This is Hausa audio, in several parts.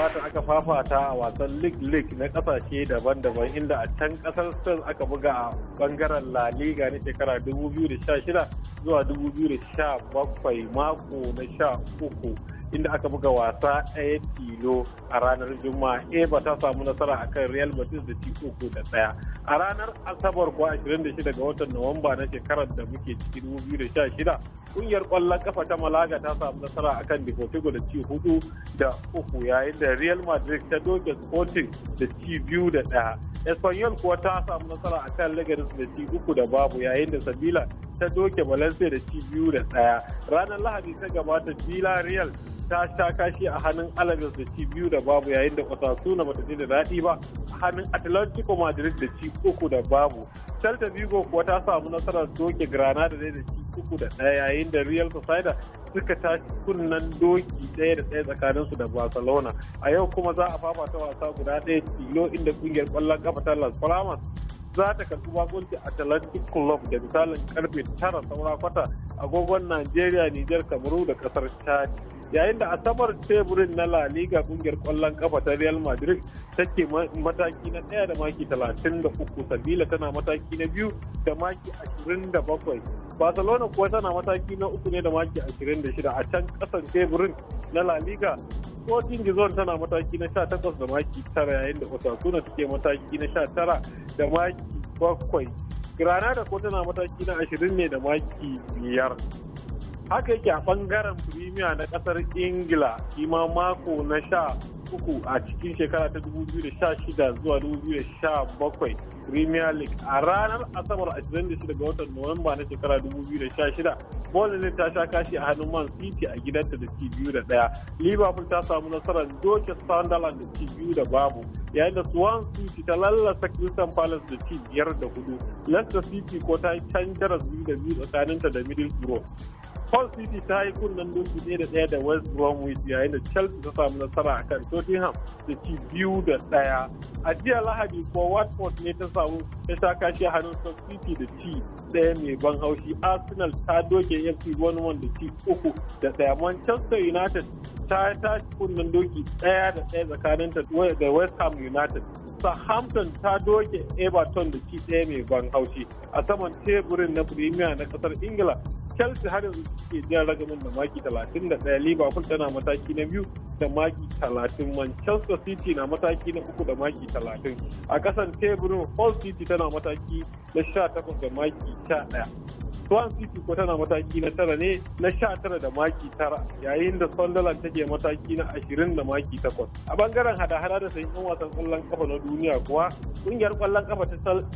kamata aka fafata a wasan League League na kasashe daban-daban inda a can kasar Spain aka buga a bangaren La Liga na shekara 2016 zuwa 2017 mako na 13 inda aka buga wasa ɗaya tilo a ranar juma'a ba ta samu nasara akan real madrid da ci uku da ɗaya a ranar asabar kuwa 26 ga watan nuwamba na shekarar da muke ciki 2016 kungiyar kwallon kafa ta malaga ta samu nasara akan deportivo da ci hudu da uku yayin da real madrid ta doke sporting da ci biyu da ɗaya espanyol kuwa ta samu nasara akan legaris da ci uku da babu yayin da sabila ta doke valencia da ci biyu da ɗaya ranar lahadi ta gabata villarreal ta sha kashi a hannun alabes da ci biyu da babu yayin da osasuna bata ji da daɗi ba a hannun atlantico madrid da ci uku da babu celta vigo kuwa ta samu nasarar doke granada da da ci uku da ɗaya yayin da real sociedad suka tashi kunnen doki ɗaya da ɗaya su da barcelona a yau kuma za a fafata wasa guda ɗaya tilo inda kungiyar ƙwallon kafa ta las palmas za ta karɓi bakunci atlantic club da misalin karfe tara saura kwata agogon nigeria nijar kamaru da kasar chad yayin da asabar teburin na La Liga kungiyar kwallon kafa ta Real Madrid take mataki na daya da maki 33 Sabila tana mataki na biyu da maki 27 Barcelona kuwa tana mataki na uku ne da maki 26 a can kasan teburin na La Liga Sporting Gizon tana mataki na 18 da maki 9 yayin da Osasuna suke mataki na 19 da maki 7 Granada ko tana mataki na 20 ne da maki 5 haka yake a bangaren firimiya na kasar ingila kima mako na sha uku a cikin shekara ta 2016 zuwa 2017 premier league a ranar asabar 26 ga watan nuwamba na shekara 2016 bolin ta sha kashi a hannun man city a gidanta da ci biyu da daya liverpool ta samu nasarar doke sunderland da ci biyu da babu yayin da swan city ta lallasa crystal palace da ci biyar da hudu leicester city ko ta yi zuwa da biyu tsakaninta da middlesbrough Hull City ta yi kunnen doki ne da ɗaya da West Bromwich yayin da Chelsea ta samu nasara a kan Tottenham da ci biyu da ɗaya. A jiya Lahadi ko Watford ne ta samu ta sha kashi a hannun Stoke City da ci ɗaya mai ban haushi. Arsenal ta doke FC Bournemouth da ci uku da ɗaya. Manchester United ta tashi kunnen doki ɗaya da ɗaya tsakaninta da West Ham United. Southampton ta doke Everton da ci ɗaya mai ban haushi a saman teburin na Premier na kasar Ingila chelsea har yanzu suke jan ragamin da maki 31 liverpool tana mataki na biyu da maki 30 manchester city na mataki na uku da maki 30 a kasan teburin hull city tana mataki na 18 da maki 11 Swan City ko tana mataki na tara ne na sha tara da maki tara yayin da Sunderland take mataki na ashirin da maki takwas. A bangaren hada-hada da sayin ɗan wasan ƙwallon kafa na duniya kuwa ƙungiyar ƙwallon kafa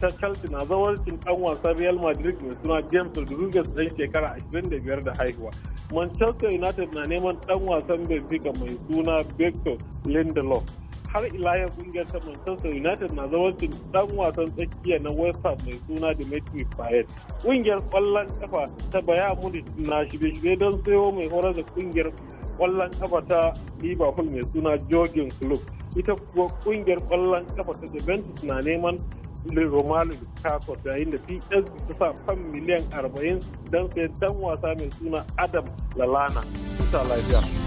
ta Chelsea na zawarcin ɗan wasan Real Madrid mai suna James Rodriguez ɗan shekara ashirin da biyar da haihuwa. Manchester United na neman ɗan wasan Benfica mai suna Victor Lindelof. har ila yau kungiyar ta Manchester United na zawancin dan wasan tsakiya na West Ham mai suna Dimitri Payet. Kungiyar kwallon kafa ta baya Munich na shirye-shirye don sayo mai horar da kungiyar kwallon kafa ta Liverpool mai suna Jurgen klub Ita kuwa kungiyar kwallon kafa ta Juventus na neman Romelu Lukaku yayin da PSG ta sa fan miliyan arba'in don sayan dan wasa mai suna Adam Lalana. Kusa lafiya.